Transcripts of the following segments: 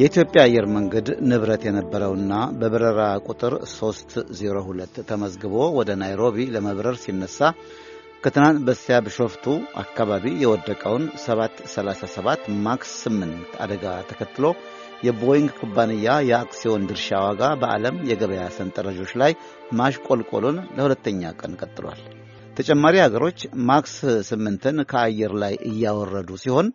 የኢትዮጵያ አየር መንገድ ንብረት የነበረውና በበረራ ቁጥር 302 ተመዝግቦ ወደ ናይሮቢ ለመብረር ሲነሳ ከትናንት በስቲያ ብሾፍቱ አካባቢ የወደቀውን 737 ማክስ 8 አደጋ ተከትሎ የቦይንግ ኩባንያ የአክሲዮን ድርሻ ዋጋ በዓለም የገበያ ሰንጠረዦች ላይ ማሽቆልቆሉን ለሁለተኛ ቀን ቀጥሏል። ተጨማሪ አገሮች ማክስ 8ን ከአየር ላይ እያወረዱ ሲሆን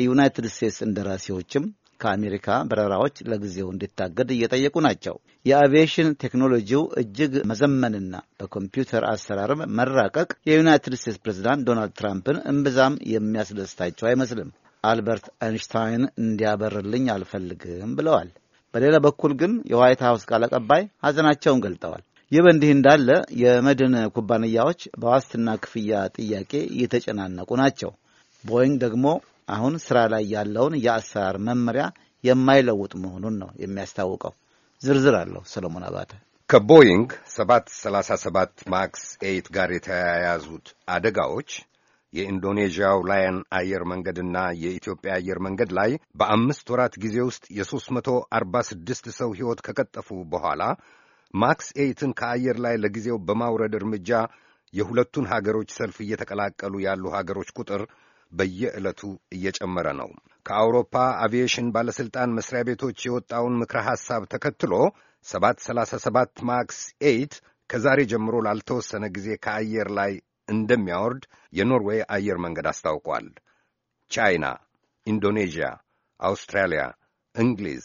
የዩናይትድ ስቴትስ እንደራሴዎችም ከአሜሪካ በረራዎች ለጊዜው እንዲታገድ እየጠየቁ ናቸው። የአቪዬሽን ቴክኖሎጂው እጅግ መዘመንና በኮምፒውተር አሰራርም መራቀቅ የዩናይትድ ስቴትስ ፕሬዚዳንት ዶናልድ ትራምፕን እምብዛም የሚያስደስታቸው አይመስልም። አልበርት አይንሽታይን እንዲያበርልኝ አልፈልግም ብለዋል። በሌላ በኩል ግን የዋይት ሀውስ ቃል አቀባይ ሐዘናቸውን ገልጠዋል። ይህ በእንዲህ እንዳለ የመድን ኩባንያዎች በዋስትና ክፍያ ጥያቄ እየተጨናነቁ ናቸው። ቦይንግ ደግሞ አሁን ስራ ላይ ያለውን የአሰራር መመሪያ የማይለውጥ መሆኑን ነው የሚያስታውቀው። ዝርዝር አለው ሰለሞን አባተ። ከቦይንግ 737 ማክስ ኤይት ጋር የተያያዙት አደጋዎች የኢንዶኔዥያው ላየን አየር መንገድና የኢትዮጵያ አየር መንገድ ላይ በአምስት ወራት ጊዜ ውስጥ የ346 ሰው ሕይወት ከቀጠፉ በኋላ ማክስ ኤይትን ከአየር ላይ ለጊዜው በማውረድ እርምጃ የሁለቱን ሀገሮች ሰልፍ እየተቀላቀሉ ያሉ ሀገሮች ቁጥር በየዕለቱ እየጨመረ ነው። ከአውሮፓ አቪዬሽን ባለሥልጣን መስሪያ ቤቶች የወጣውን ምክረ ሐሳብ ተከትሎ 737 ማክስ 8 ከዛሬ ጀምሮ ላልተወሰነ ጊዜ ከአየር ላይ እንደሚያወርድ የኖርዌይ አየር መንገድ አስታውቋል። ቻይና፣ ኢንዶኔዥያ፣ አውስትራሊያ፣ እንግሊዝ፣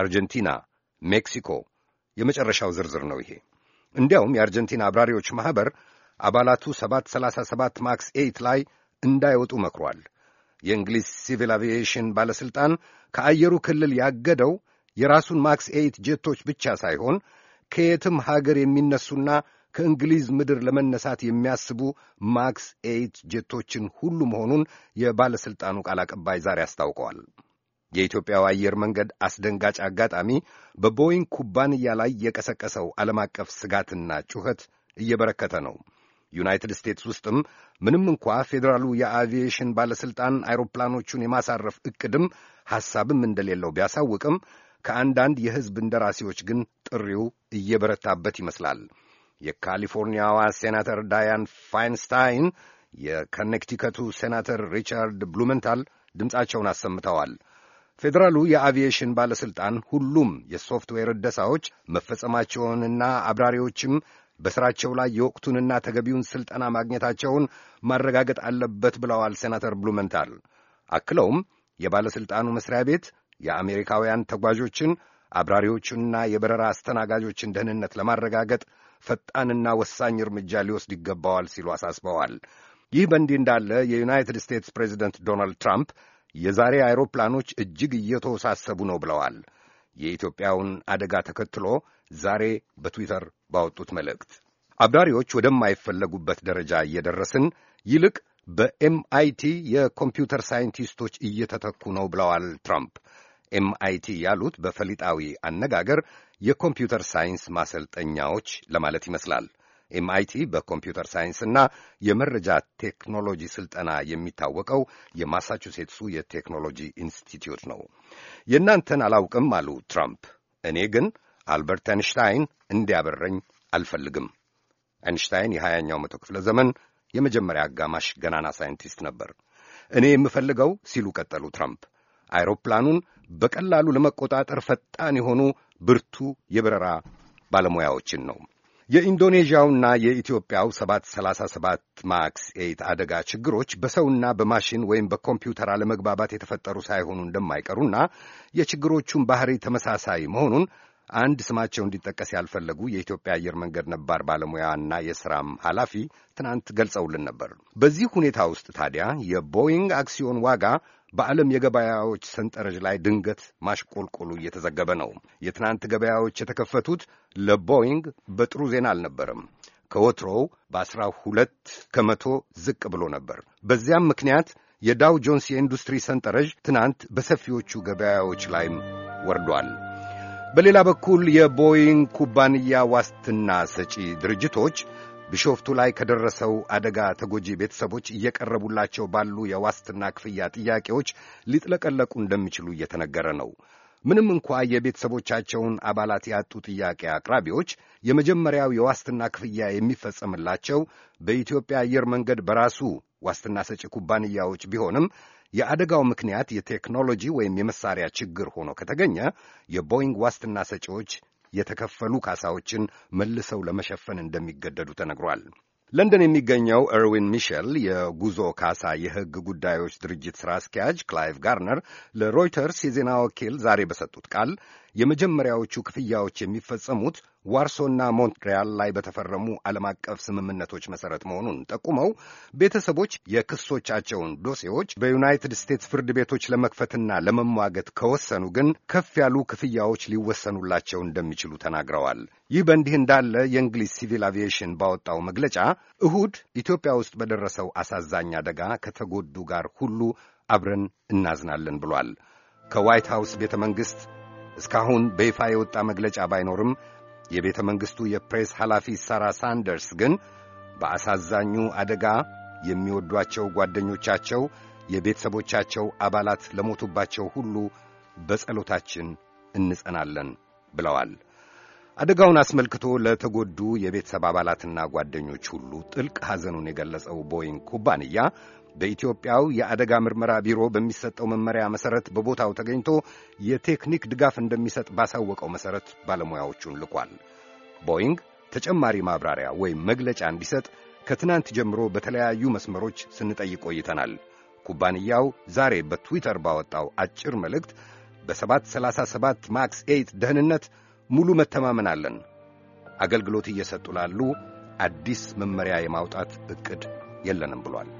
አርጀንቲና፣ ሜክሲኮ የመጨረሻው ዝርዝር ነው ይሄ። እንዲያውም የአርጀንቲና አብራሪዎች ማኅበር አባላቱ 737 ማክስ 8 ላይ እንዳይወጡ መክሯል። የእንግሊዝ ሲቪል አቪዬሽን ባለሥልጣን ከአየሩ ክልል ያገደው የራሱን ማክስ ኤይት ጄቶች ብቻ ሳይሆን ከየትም ሀገር የሚነሱና ከእንግሊዝ ምድር ለመነሳት የሚያስቡ ማክስ ኤይት ጄቶችን ሁሉ መሆኑን የባለሥልጣኑ ቃል አቀባይ ዛሬ አስታውቀዋል። የኢትዮጵያው አየር መንገድ አስደንጋጭ አጋጣሚ በቦይንግ ኩባንያ ላይ የቀሰቀሰው ዓለም አቀፍ ስጋትና ጩኸት እየበረከተ ነው። ዩናይትድ ስቴትስ ውስጥም ምንም እንኳ ፌዴራሉ የአቪዬሽን ባለሥልጣን አይሮፕላኖቹን የማሳረፍ ዕቅድም ሐሳብም እንደሌለው ቢያሳውቅም ከአንዳንድ የሕዝብ እንደራሴዎች ግን ጥሪው እየበረታበት ይመስላል። የካሊፎርኒያዋ ሴናተር ዳያን ፋይንስታይን፣ የከኔክቲከቱ ሴናተር ሪቻርድ ብሉመንታል ድምፃቸውን አሰምተዋል። ፌዴራሉ የአቪዬሽን ባለሥልጣን ሁሉም የሶፍትዌር ዕደሳዎች መፈጸማቸውንና አብራሪዎችም በሥራቸው ላይ የወቅቱንና ተገቢውን ሥልጠና ማግኘታቸውን ማረጋገጥ አለበት ብለዋል ሴናተር ብሉመንታል። አክለውም የባለሥልጣኑ መሥሪያ ቤት የአሜሪካውያን ተጓዦችን አብራሪዎቹንና የበረራ አስተናጋጆችን ደህንነት ለማረጋገጥ ፈጣንና ወሳኝ እርምጃ ሊወስድ ይገባዋል ሲሉ አሳስበዋል። ይህ በእንዲህ እንዳለ የዩናይትድ ስቴትስ ፕሬዚደንት ዶናልድ ትራምፕ የዛሬ አይሮፕላኖች እጅግ እየተወሳሰቡ ነው ብለዋል። የኢትዮጵያውን አደጋ ተከትሎ ዛሬ በትዊተር ባወጡት መልእክት አብራሪዎች ወደማይፈለጉበት ደረጃ እየደረስን ይልቅ በኤምአይቲ የኮምፒውተር ሳይንቲስቶች እየተተኩ ነው ብለዋል ትራምፕ። ኤምአይቲ ያሉት በፈሊጣዊ አነጋገር የኮምፒውተር ሳይንስ ማሰልጠኛዎች ለማለት ይመስላል። ኤምአይቲ በኮምፒውተር ሳይንስና የመረጃ ቴክኖሎጂ ስልጠና የሚታወቀው የማሳቹሴትሱ የቴክኖሎጂ ኢንስቲትዩት ነው። የእናንተን አላውቅም አሉ ትራምፕ። እኔ ግን አልበርት አንሽታይን እንዲያበረኝ አልፈልግም። አንሽታይን የሀያኛው መቶ ክፍለ ዘመን የመጀመሪያ አጋማሽ ገናና ሳይንቲስት ነበር። እኔ የምፈልገው ሲሉ ቀጠሉ ትራምፕ አይሮፕላኑን በቀላሉ ለመቆጣጠር ፈጣን የሆኑ ብርቱ የበረራ ባለሙያዎችን ነው። የኢንዶኔዥያውና የኢትዮጵያው 737 ማክስ ኤይት አደጋ ችግሮች በሰውና በማሽን ወይም በኮምፒውተር አለመግባባት የተፈጠሩ ሳይሆኑ እንደማይቀሩና የችግሮቹን ባህሪ ተመሳሳይ መሆኑን አንድ ስማቸው እንዲጠቀስ ያልፈለጉ የኢትዮጵያ አየር መንገድ ነባር ባለሙያና የሥራም ኃላፊ ትናንት ገልጸውልን ነበር። በዚህ ሁኔታ ውስጥ ታዲያ የቦይንግ አክሲዮን ዋጋ በዓለም የገበያዎች ሰንጠረዥ ላይ ድንገት ማሽቆልቆሉ እየተዘገበ ነው። የትናንት ገበያዎች የተከፈቱት ለቦይንግ በጥሩ ዜና አልነበረም። ከወትሮው በአስራ ሁለት ከመቶ ዝቅ ብሎ ነበር። በዚያም ምክንያት የዳው ጆንስ የኢንዱስትሪ ሰንጠረዥ ትናንት በሰፊዎቹ ገበያዎች ላይም ወርዷል። በሌላ በኩል የቦይንግ ኩባንያ ዋስትና ሰጪ ድርጅቶች ቢሾፍቱ ላይ ከደረሰው አደጋ ተጎጂ ቤተሰቦች እየቀረቡላቸው ባሉ የዋስትና ክፍያ ጥያቄዎች ሊጥለቀለቁ እንደሚችሉ እየተነገረ ነው። ምንም እንኳ የቤተሰቦቻቸውን አባላት ያጡ ጥያቄ አቅራቢዎች የመጀመሪያው የዋስትና ክፍያ የሚፈጸምላቸው በኢትዮጵያ አየር መንገድ በራሱ ዋስትና ሰጪ ኩባንያዎች ቢሆንም የአደጋው ምክንያት የቴክኖሎጂ ወይም የመሳሪያ ችግር ሆኖ ከተገኘ የቦይንግ ዋስትና ሰጪዎች የተከፈሉ ካሳዎችን መልሰው ለመሸፈን እንደሚገደዱ ተነግሯል። ለንደን የሚገኘው ኤርዊን ሚሸል የጉዞ ካሳ የሕግ ጉዳዮች ድርጅት ሥራ አስኪያጅ ክላይቭ ጋርነር ለሮይተርስ የዜና ወኪል ዛሬ በሰጡት ቃል የመጀመሪያዎቹ ክፍያዎች የሚፈጸሙት ዋርሶና ሞንትሪያል ላይ በተፈረሙ ዓለም አቀፍ ስምምነቶች መሠረት መሆኑን ጠቁመው ቤተሰቦች የክሶቻቸውን ዶሴዎች በዩናይትድ ስቴትስ ፍርድ ቤቶች ለመክፈትና ለመሟገት ከወሰኑ ግን ከፍ ያሉ ክፍያዎች ሊወሰኑላቸው እንደሚችሉ ተናግረዋል። ይህ በእንዲህ እንዳለ የእንግሊዝ ሲቪል አቪዬሽን ባወጣው መግለጫ እሁድ ኢትዮጵያ ውስጥ በደረሰው አሳዛኝ አደጋ ከተጎዱ ጋር ሁሉ አብረን እናዝናለን ብሏል። ከዋይት ሃውስ ቤተ መንግሥት እስካሁን በይፋ የወጣ መግለጫ ባይኖርም የቤተ መንግሥቱ የፕሬስ ኃላፊ ሳራ ሳንደርስ ግን በአሳዛኙ አደጋ የሚወዷቸው ጓደኞቻቸው፣ የቤተሰቦቻቸው አባላት ለሞቱባቸው ሁሉ በጸሎታችን እንጸናለን ብለዋል። አደጋውን አስመልክቶ ለተጎዱ የቤተሰብ አባላትና ጓደኞች ሁሉ ጥልቅ ሐዘኑን የገለጸው ቦይንግ ኩባንያ በኢትዮጵያው የአደጋ ምርመራ ቢሮ በሚሰጠው መመሪያ መሠረት በቦታው ተገኝቶ የቴክኒክ ድጋፍ እንደሚሰጥ ባሳወቀው መሠረት ባለሙያዎቹን ልኳል። ቦይንግ ተጨማሪ ማብራሪያ ወይም መግለጫ እንዲሰጥ ከትናንት ጀምሮ በተለያዩ መስመሮች ስንጠይቅ ቆይተናል። ኩባንያው ዛሬ በትዊተር ባወጣው አጭር መልእክት በ737 ማክስ 8 ደህንነት ሙሉ መተማመን አለን። አገልግሎት እየሰጡ ላሉ አዲስ መመሪያ የማውጣት ዕቅድ የለንም ብሏል።